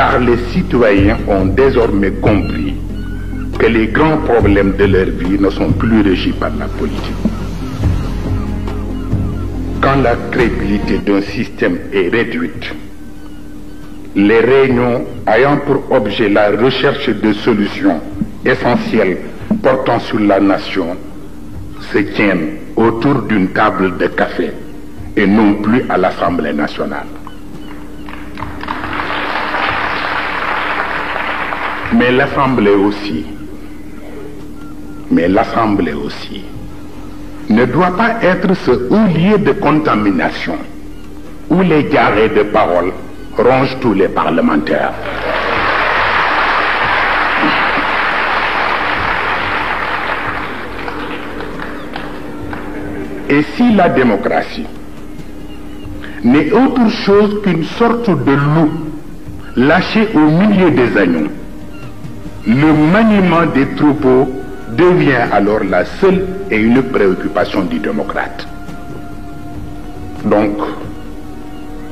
car les citoyens ont désormais compris que les grands problèmes de leur vie ne sont plus régis par la politique. Quand la crédibilité d'un système est réduite, les réunions ayant pour objet la recherche de solutions essentielles portant sur la nation se tiennent autour d'une table de café et non plus à l'Assemblée nationale. Mais l'Assemblée aussi, mais l'Assemblée aussi, ne doit pas être ce haut lieu de contamination où les garés de parole rongent tous les parlementaires. Et si la démocratie n'est autre chose qu'une sorte de loup lâché au milieu des agneaux, le maniement des troupeaux devient alors la seule et une préoccupation du démocrate. Donc,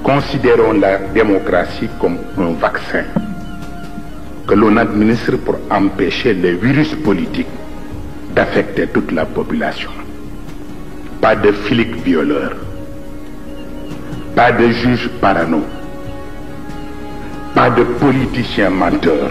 considérons la démocratie comme un vaccin que l'on administre pour empêcher les virus politiques d'affecter toute la population. Pas de flics violeurs, pas de juges parano, pas de politiciens menteurs.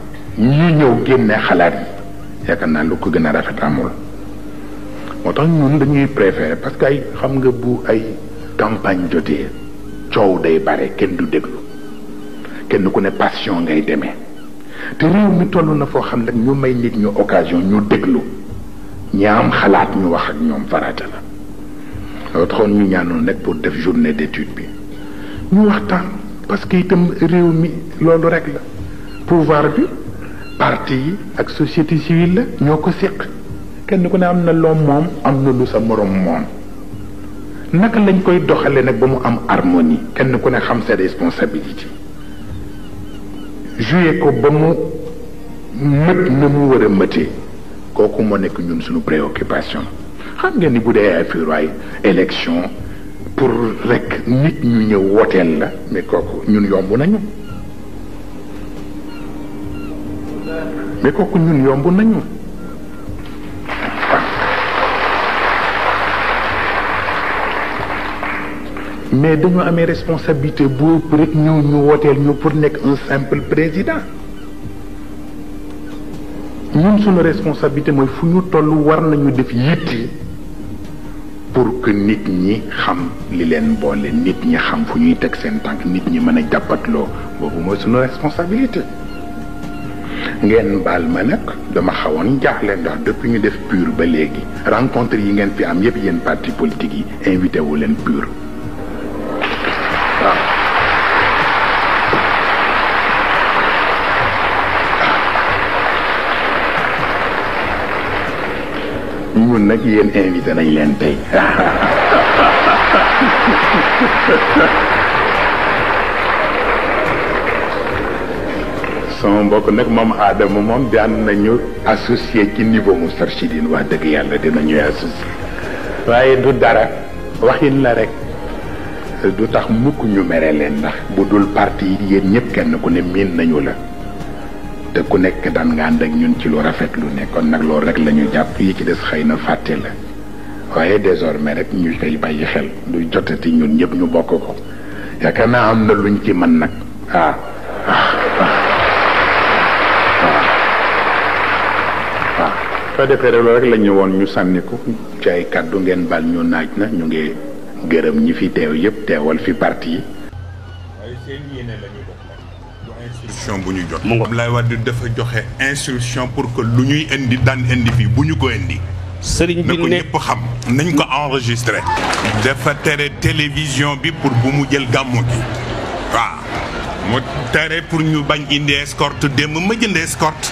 ñu ñëw génne xalaat yi yaakaar naa lu ko gën a rafet amul moo tax ñun dañuy préféré parce que ay xam nga bu ay campagne jotee coow day bare kenn du déglu kenn ku ne passion ngay demee te réew mi toll na foo xam ne ñu may nit ñu occasion ñu déglu ñi xalaat ñu wax ak ñoom farata la loolu taxoon ñu ñaanoon rek pour def journée d'étude bi ñu waxtaan parce que itam réew mi loolu rek la pouvoir bi parti yi ak société civile la ñoo ko séq kenn ku ne am na loo moom am na lu sa moroom moom naka lañ koy doxale nag ba mu am harmonie kenn ku ne xam sa responsabilité joué ko ba mu mët na mu war a mëtee kooku moo nekk ñun suñu préoccupation xam nga ni bu dee affaire ay élection pour rek nit ñu ñëw woteel la mais kooku ñun yomb nañu mais kooku ñun yomb nañu mais dañoo amee responsabilité pour rek ñëw ñu wooteel ñu pour nekk un simple président nous suñu responsabilité mooy fu ñu war pour que nit ñi xam li leen boole nit ñi xam fu ñuy teg seen tànk nit ñi mën responsabilité ngeen bal ma nak dama xawoon jaaxle ndax depuis ñu def pur ba léegi rencontre yi ngeen fi am yépp yeen parti politique yi invité wu len pur ñun nag invité nañ sama mbokk nag moom aadama moom daan nañu associé ci niveau Moustarchidine wax dëgg yàlla dina ñuy associé waaye du dara waxin la rek du tax mukk ñu mere leen ndax bu dul parti yi yéen ñëpp kenn ku ne miin nañu la te ku nekk daan nga ànd ak ñun ci lu rafet lu kon nag loolu rek la jàpp yi ci des xëy na fàtte la waaye désormais rek ñu koy bàyyi xel du jotati ñun ñëpp ñu bokk ko yaakaar naa am na luñ ci mën nag waaw ah. ko defere rek rek la ñu woon ñu sànni ko ci ay kàddu ngeen bal ñu naaj na ñu ngi gërëm ñi fi teew yépp teewal fi parti yi. instruction bu ñu jot. mu lay wadi Wade dafa joxe instruction pour que lu ñuy indi daan indi fi bu ñu ko indi. sëriñ bi ne ko ñëpp xam nañ ko enregistrer dafa téré télévision bi pour bu mu jël gàmmu gi. wa mu téré pour ñu bañ indi escorte démb ma jënd escorte.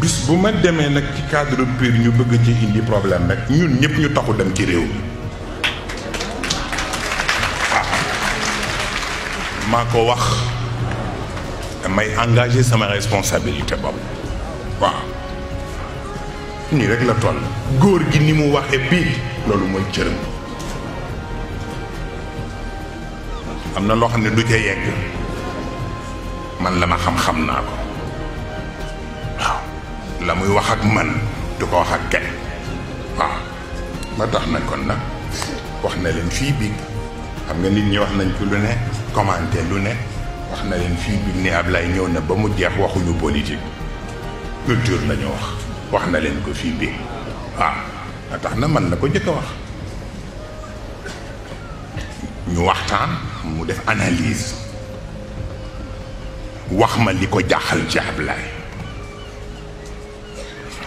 bis bu ma demee nag ci cadre pur ñu bëgg ci indi problème rek ñun ñëpp ñu taxu dem ci réew mi waaw maa ko wax damay engagé sama responsabilité bopp waaw nii rek la toll góor gi ni mu waxee bii loolu mooy cërëm am na loo xam ne du ca yegg man la ma xam-xam naa ko la muy wax ak man du ko wax ak kenn waaw ba tax na kon nag wax na leen fii bi xam nga nit ñi wax nañ ci lu ne commenté lu ne wax na leen fii bi ne Ablaye ñëw na ba mu jeex waxuñu politique culture la ñu wax wax na leen ko fii bi waaw ba tax na man na ko jëkk wax ñu waxtaan mu def analyse wax ma li ko jaaxal ci Ablaye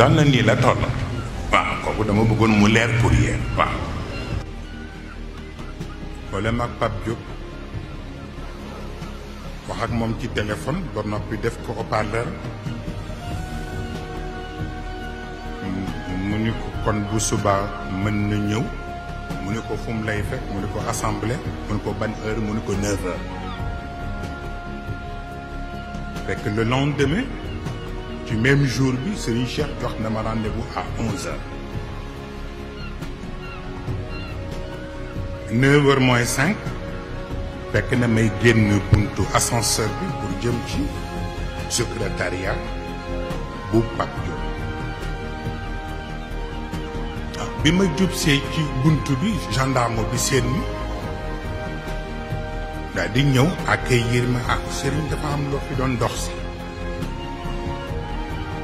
melokaan la nii la toll waaw kooku dama bëggoon mu leer pour yéen waaw boole mag Pape Diop wax ak moom ci téléphone ba noppi def ko haut-parleur mu kon bu suba mën na ñëw mu ni ko fu lay fek mu ni ko assemblée mu ni ko ban heure mu ni ko neuf heures fekk le lendemain du même jour bi richard Cheikh jox na ma rendez-vous à 11h. 9h moins 5 je na may à buntu pour jëm ci secrétariat bu Pape Diop. Ah, bi ma jubsee ci buntu bi gendarme bi seen à daal accueillir ma ak de femme am loo fi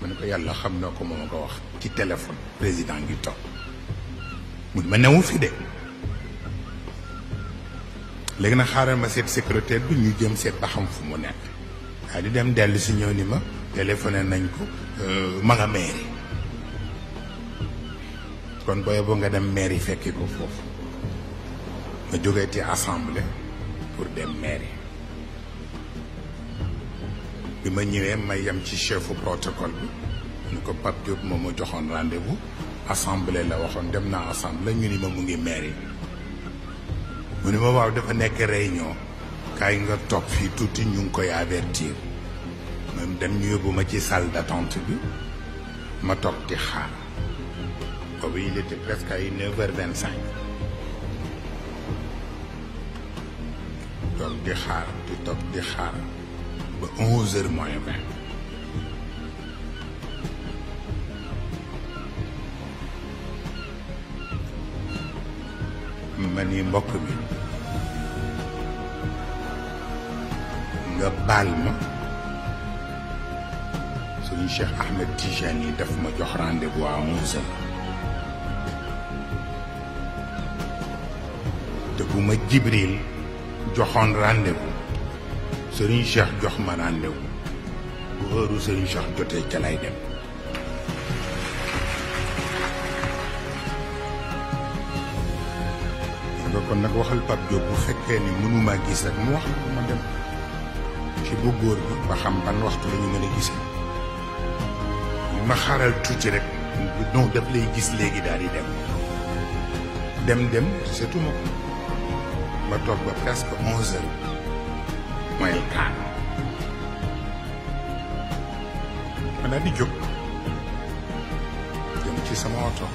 ma ne ko yàlla xam noo ko moo ma ko wax ci téléphone président ngi toog mu ma newu fii de léegi na xaaral ma seet secrétaire bi ñu jëm seet ba xam fu mu nekk waaye di dem dellu si ñëw ni ma téléphoné nañ ko euh, ma nga mairie kon booy boo nga dem mairie fekki ko foofu ma jógee ci assemblée pour dem mairie bi ma ñëwee ma yem ci chefu protocole bi ñu ko Pape Diop moom ma rendez-vous assemblée la waxoon dem naa assemblée ñu ni ma mu ngi mairie mu ni ma waaw dafa nekk réunion kaay nga toog fii tuuti ñu ngi y avertir même dem ñu yóbbu ma ci salle d'attente bi ma toog di xaar boobu il était presque à 9h25. cinq toog di xaar di toog di xaar بأوزر مهمة مني مقبي قبال ما سوني شيخ أحمد تيجاني دف ما جوحران دبوا موزر دبوا ما جبريل جوحان راندبوا sëriñ Cheikh jox ma rendez-vous bu heure sëriñ Cheikh jotee ca lay dem. kon nag waxal Pape bu fekkee ni mënuma gis rek mu ma dem ci bu la ñu mën a gisee li ma xaaral tuuti gis léegi daal di dem dem ma ma toog ba presque onze heures mooy taan ma daal di jóg jëm ci sama oto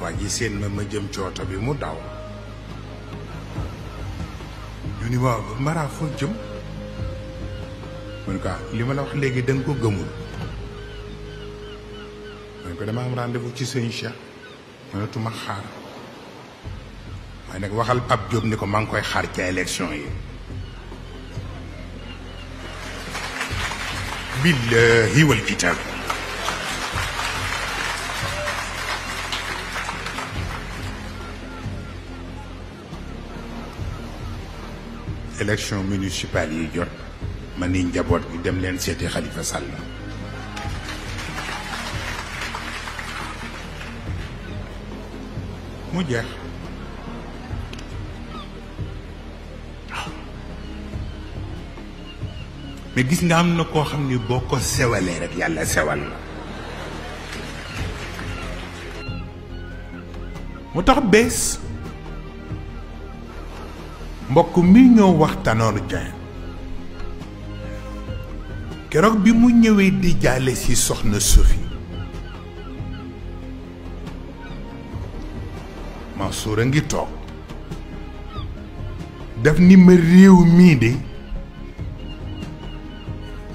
waa ji seen ma ma jëm cooto bi mu daw ñu ni waaw Mara foo jëm mun ko ah, li ma la wax léegi da nga ko gëmul mun ko dama am rendez-vous ci sëñ Cheikh mënatuma xaar waaye nag waxal ab Diop ni ko maa ngi koy xaar ci élection yi billahi wal kitab élection municipale yi jot ma ni njaboot gi dem leen seeti Khalifa Sall mu jeex mais gis nga am na koo xam ni boo ko sewalee rek yàlla sewal la mu tax bés mbokk mi ñëw wax Tanor Dieng keroog bi mu ñëwee di jaale ci soxna Sophie Mansour a ngi toog daf ni ma réew mii de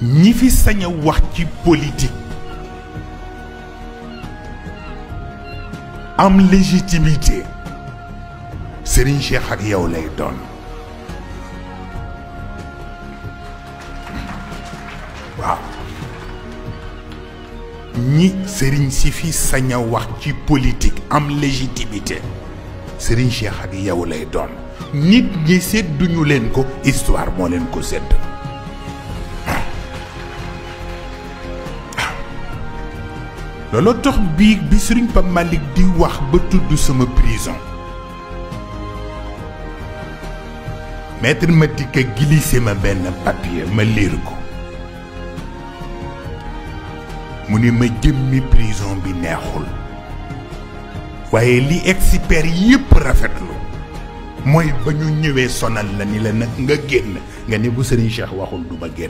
ñi fi sañ a wax ci politique am légitimité sëriñ Cheikh ak yow lay doon waaw ñi wax ci politique am légitimité Serigne Cheikh ak yow lay doon nit ñi sédduñu leen ko histoire moo leen ko sédd looloo tax que bi serigne di wax ba tudd sama prison maître Madické glissé ma ben papier ma lire ko ma jëmmi prison bi neexul waye li expert la ni la nga nga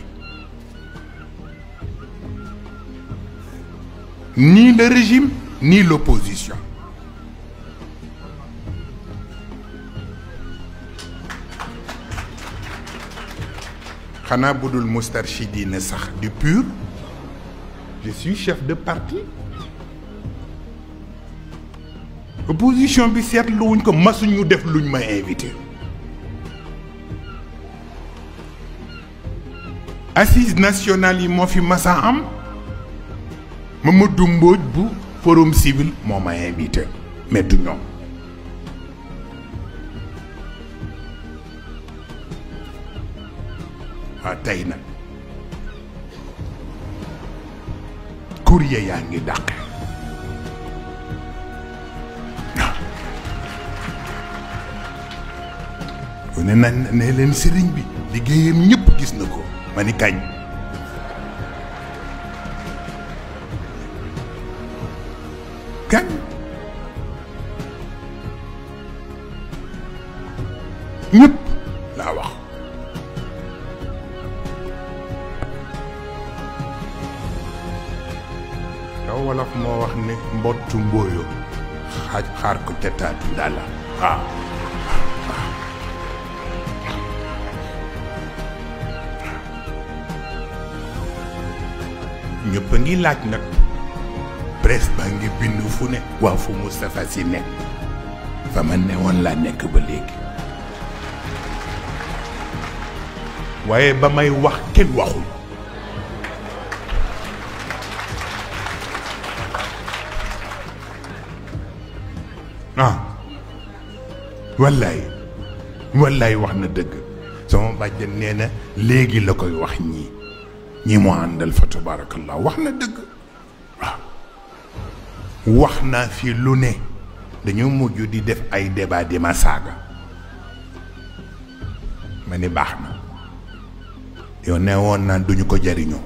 ni le régime, ni l'opposition. Khana Boudoul Moustarchidi Nessah du pur, je suis chef de parti. L'opposition bi seetlu wuñ ko masuñu def luñ ma invité. Assise nationale il m'a fi massa am. Mamadou Mbodj bu forum civil moo ma invité mais ñoom ah, tey nag courrier yaa ngi dàqe waaw ah. ne nañ ne leen sëriñ bi liggéeyam ñépp gis na ko ma ni kañ ñëpp laa wax yow wolof wax ne mbottu mboyo xaj xaar ko ca dala ha ñepp ngi laaj nak presse ba ngi bindu fu ne wa fu mustafa si ne fa ne won la nek ba legi waaye ba may wax kenn waxul ah wallaay wallaay wax na dëgg sama bàjjen nee na léegi la koy wax ñii ñi mu àndal fa tabarakallah wax na dëgg waaw wax naa fi lu ne dañoo mujj di def ay débat di ma saaga ma ni baax na yow nee woon duñu ko jariñoo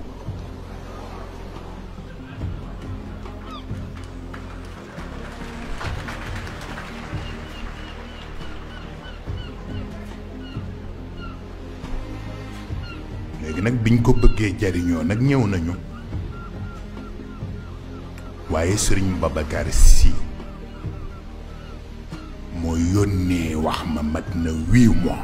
léegi nag biñ ko bëggee jariñoo nag ñëw nañu waaye sëriñ Babacar Sy moo yónnee wax ma mat na huit mois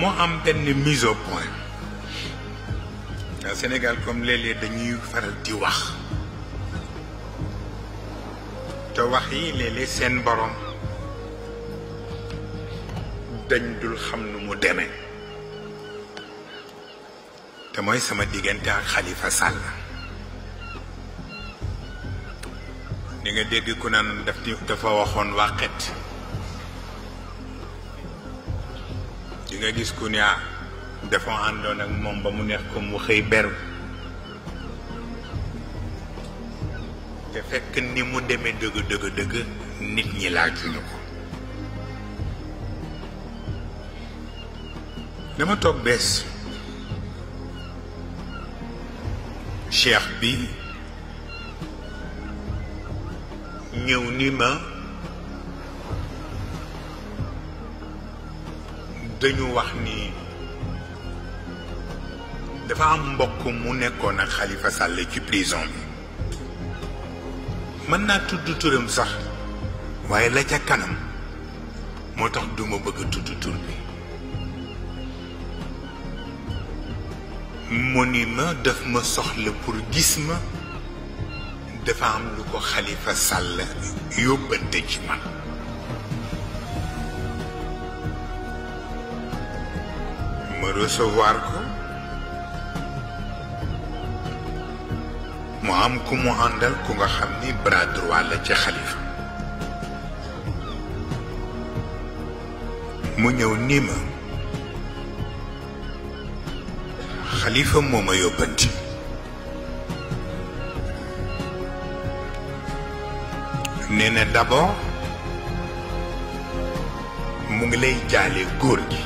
moo am benn mise au point Sénégal comme les leeg dañuy faral di wax te wax yi léeg-léeg seen borom dañ dul xam nu mu demee te mooy sama diggante ak Khalifa Sall di nga dégg ku naan daf dafa waxoon wàqet di nga gis ku ne ah dafa àndoon ak moom ba mu neex ko mu xëy beru te fekk ni mu deme dëgg dëgg dëgg nit ñi laajuñu ko dama toog bees cheikh bi ñëw ni ma dañu wax ni dafa am mbokk mu nekkoon ak Khalifa Sall ci prison bi mën naa tudd turam sax waaye la ca kanam moo tax duma bëgg a tudd tur bi mu ma daf ma soxla pour gis ma dafa am lu ko Khalifa Sall yóbbante ci man መርዕሰ-ጉባኤ mu am ku mu àndal ku nga xam ni bras droit la ci xalifa mu ñëw nii ma xalifa moo ma yóbbanti nee na d'abord mu ngi lay jaale góor gi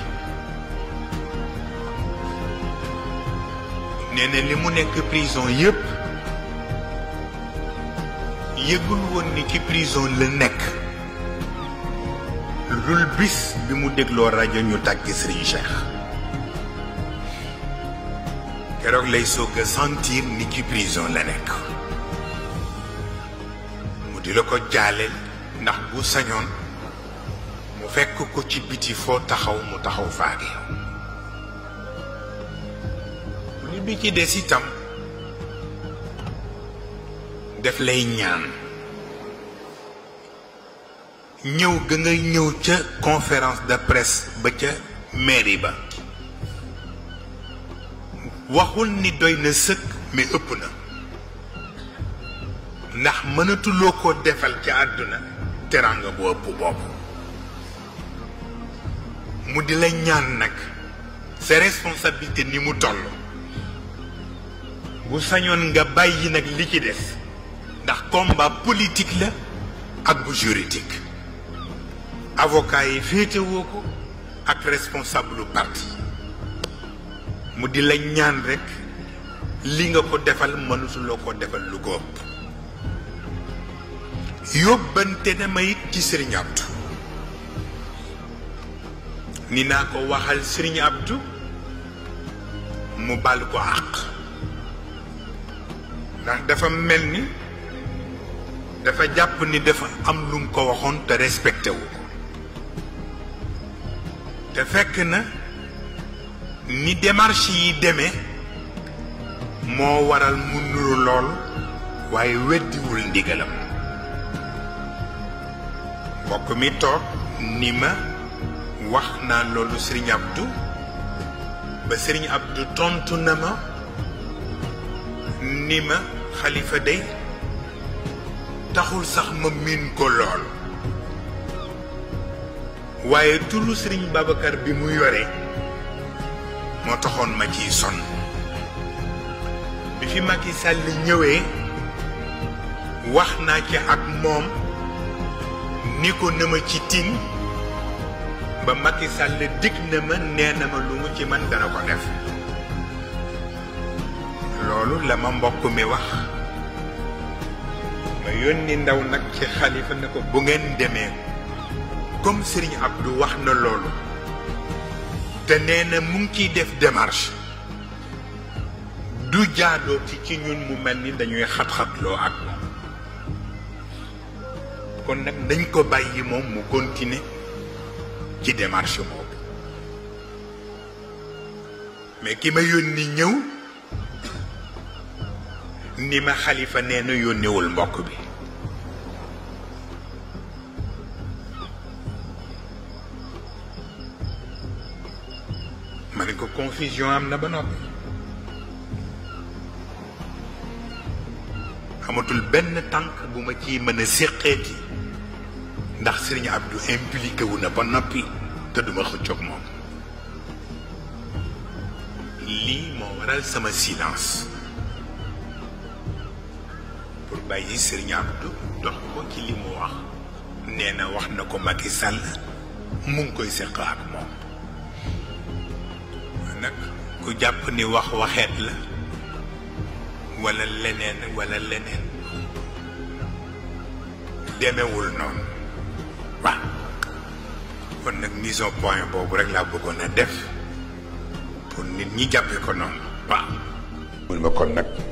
nee na li mu nekk prison yépp yëgul woon ni ci prison la nekk lu dul bis bi mu dégloo rajo ñu tàgg Serigne keroog lay soog a sentir ni ci prison la nekk mu di la ko jaaleel ndax bu sañoon mu fekk ko ci biti foo taxaw mu taxaw faage bi ci des itam def lay ñaan ñëw ga nga ñëw ca conférence de presse ba ca mairie ba waxul ni doy na sëkk mi ëpp na ndax mënatuloo ko defal ca àdduna teraanga bu ëpp boobu mu di la ñaan nag sa responsabilité ni mu toll bu sañoon nga bàyyi nag li ci des ndax combat politik la ak bu juridique avocat yi féetewoo ko ak responsable lu parti mu di la ñaan rekk li nga ko defal mënutuloo ko defal lu ko ëpp yóbbante na ma ci Sëriñ Abdu ni naa ko waxal Sëriñ Abdu mu bal ko àq ndax dafa mel ni dafa jàpp ni dafa am lu mu ko waxoon te respecté ko te fekk na ni démarche yi demee moo waral mu nuru lool waaye weddiwul ndigalam mbokk mi toog ni ma wax naa loolu Serigne Abdou ba Serigne Abdou tontu na ma. ni ma xalifa day taxul sax ma miin ko lool waaye turu sëriñ Babacar bi mu yore moo taxoon ma ciy sonn bi fi Macky Sall ñëwee wax naa ci ak moom ni ko na ma ci tin ba Macky Sall dig na ma nee na ma lu ci man dana ko def loolu la ma mbokk mi wax ma yónni ndaw nag ci xalifa ne ko bu ngeen demee comme Serigne Abdou wax na loolu te nee na mu ngi ciy def démarche du jaaloo ci ci ñun mu mel ni dañuy xat-xatloo ak kon nag dañ ko bàyyi moom mu continuer ci démarche boobu mais ki ma yónni ñëw ni ma xalifa nee na yónniwul mbokk bi ma ne amatul benn tànk bu ma ciy mën a séqeeti ndax sëriñ Abdou impliqué wu na ba noppi te duma xëccoog moom lii moo waral sama silence bàyyi Serigne Abdou dox ko ci li mu wax nee na wax na ko i Sall mu ngi koy seq moom nag ku jàpp ni wax waxeet la wala leneen walla leneen demewul noonu waaw kon nag mise au boobu rek laa bëggoon def pour nit ñi jàppe ko noonu waaw. mun nga kon nag.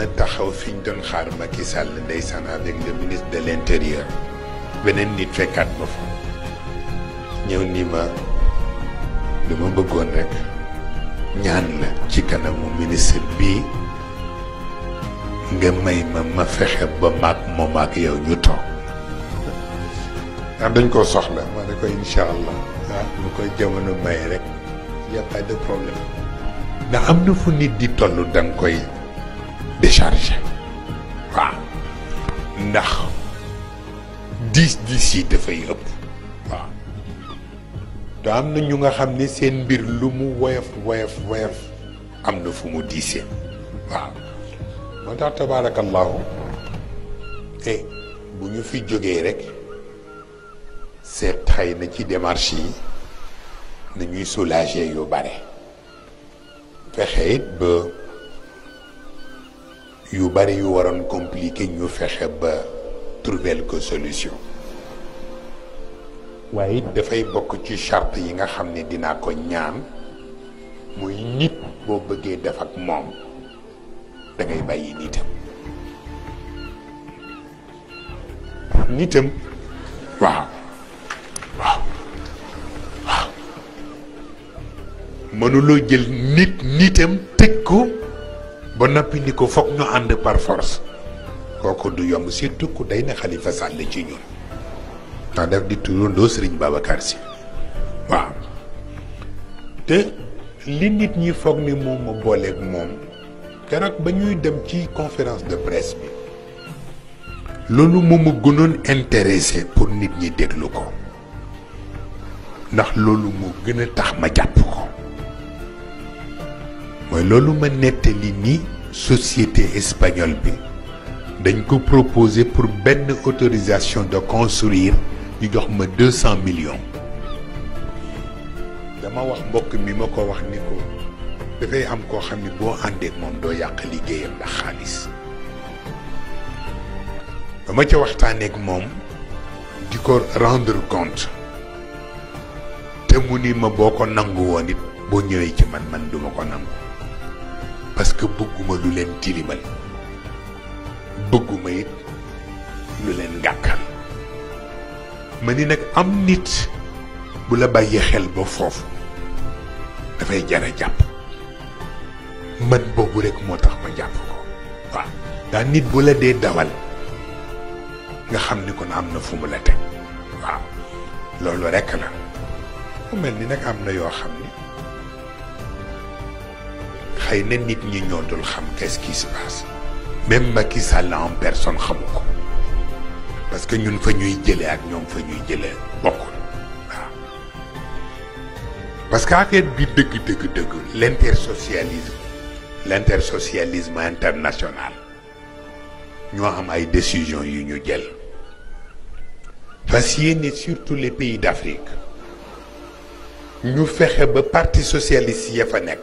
ma taxaw fiñ doon xaar Macky Sall ndeysaan avec le ministre de l'Intérieur benen nit fekkat ma fa ñew ni ma lu ma bëggoon rek ñaan la ci kanamu ministre bi nga may ma ma fexe ba maag moom ak yow ñu toog ndax dañ ko soxla ma ne ko incha allah ah ñu koy jamono may rek y' a pas de problème ndax am na fu nit di toll da koy. déchargé waaw ndax diis diis yi dafay ëpp waaw te am na ñu nga xam ni seen mbir lu mu woyof woyof woyof am na fu mu diisee waaw moo tax tabaarakallaahu e bu ñu fi jógee rek seet xëy na ci démarche yi nañuy soulager yu bare fexe it ba yu bari yu waroon compliqué ñu fexe ba trouver ko solution waye da fay bokk ci charte yi nga xam dina ko ñaan muy nit bo bëggé def ak mom da ngay bàyyi nitam nitam waaw waaw waaw lo jël nit nitam tëj ko ba noppi ni ñu and par force koku du yomb surtout ku day na khalifa sall ci ñun ta def di do serigne babacar si wa te li nit ñi fokk ni bolé ak mom té nak ba ñuy dem ci conférence de presse bi lolu mom mo gënon intéressé pour nit ñi lu ko ndax lolu mo gëna tax ma japp ko mooy loolu ma nettali ni société espagnole bi dañ ko proposer pour benn autorisation de construire ñu jox ma deux cent millions dama wax mbokk mi ma ko wax ni ko dafay am koo xam ni boo àndeek moom doo yàq liggéeyam ndax xaalis dama ca di ko rendre compte te ni ma boko ko nangu woon it boo ñëwee ci man man duma ko nangu parce que bëgguma lu leen tilimal bëgguma it lu leen gàkkal ma ni nag am nit bu la bàyyee xel ba foofu dafay jara jàpp man boobu rek moo tax ma jàpp ko waaw ndax nit bu la dee dawal nga xam ni kon am na fu mu la teg waaw loolu rek la mu mel ni nag am na yoo xam ni xëy na nit ñi ñoo xam qu'est-ce qui se passe même Macky Sall en personne xamuko parce que ñun fa ñuy jëlee ak ñom fa ñuy jëlee bokkul parce que affaire bi deug deug deug l'intersocialisme l'intersocialisme international ñoo am ay décisions yu ñu jël fas yéene surtout les pays d'Afrique ñu fexé ba parti socialiste ya fa nek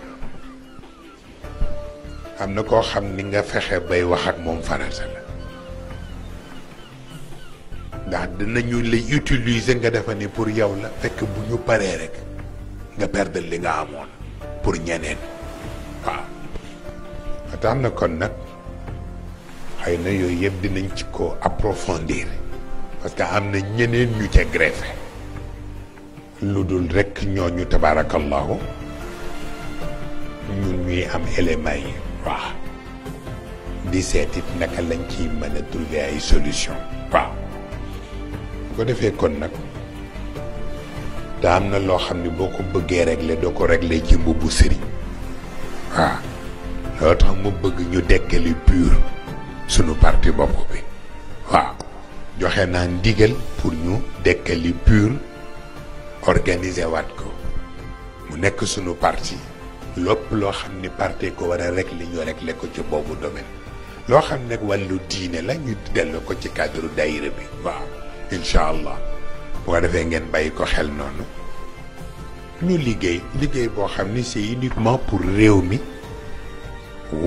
أنا أقول لك أنا أقول لك أنا أقول لك أنا أقول لك أنا أقول لك أنا أقول لك أنا أقول لك أنا أقول لك أنا أقول لك أنا أقول لك أنا أقول لك أنا أقول لك أنا أقول لك أنا أقول لك أنا أقول لك أنا أقول لك لودول رك ñooñu tabarakallah ñun ñuy am element waaw di seet it naka lañ ciy mën a solution waaw bu ko defee kon nag te am na loo boko ne boo ko bëggee régler doo ko régler ci mbubbu sëriñ waaw loolu bëgg ñu dekkali pur sunu parti bopp bi waaw joxe naa ndigal pour ñu dekkali pur organiser waat ko mu nekk sunu parti lépp loo xam ni parti ko war a régler ñu régler ko ci boobu domaine loo xam nag wàllu diine la ñu dellu ko ci cadre daayira bi waaw incha allah boo defee ngeen bàyyi ko xel noonu ñu liggéey liggéey boo xam ni c'est uniquement pour réew mi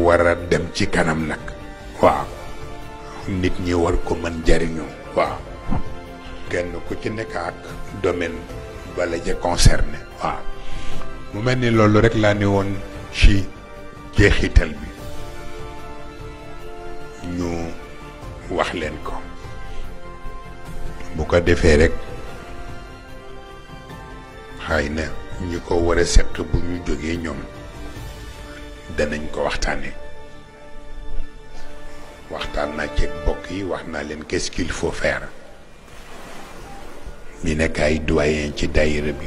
war a dem ci kanam nag waaw nit ñi war ko mën jariñoo waaw kenn ku ci nekk ak domaine bala ja concerné waaw mu mel ni loolu rek laa ne woon ci jeexital bi ñu wax leen ko bu ko defee rek xay na ñu ko war a seq bu ñu jógee ñoom danañ ko waxtaanee waxtaan naa ceeg bokk yi wax naa leen qu'est-ce qu'il faut faire mi nekk ay doyen ci daayira bi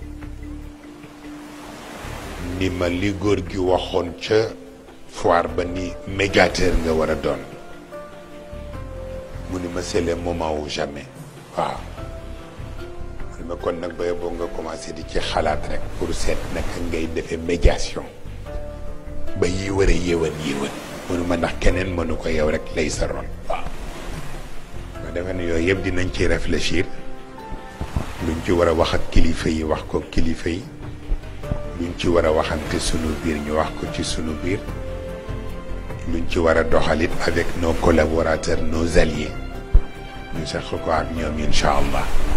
ni ma li góor gi waxoon ca foire ba ni médiateur nga war a doon mu ni ma c'est le moment ou jamais waaw man ma kon nag ba boo nga commencé di ci xalaat rek pour seet naka ngay defee médiation ba yi war a yéwan yéwan mënu ma ndax keneen mënu ko yew rek lay sa rôle waaw nga defe ne yooyu yëpp dinañ ci réfléchir luñ ci war a wax ak kilifa yi wax ko kilifa yi luñ ci war a waxante sunu biir ñu wax ko ci sunu biir luñ ci war a doxalit avec nos collaborateurs nos alliés ñu seq ko ak ñoom incha allah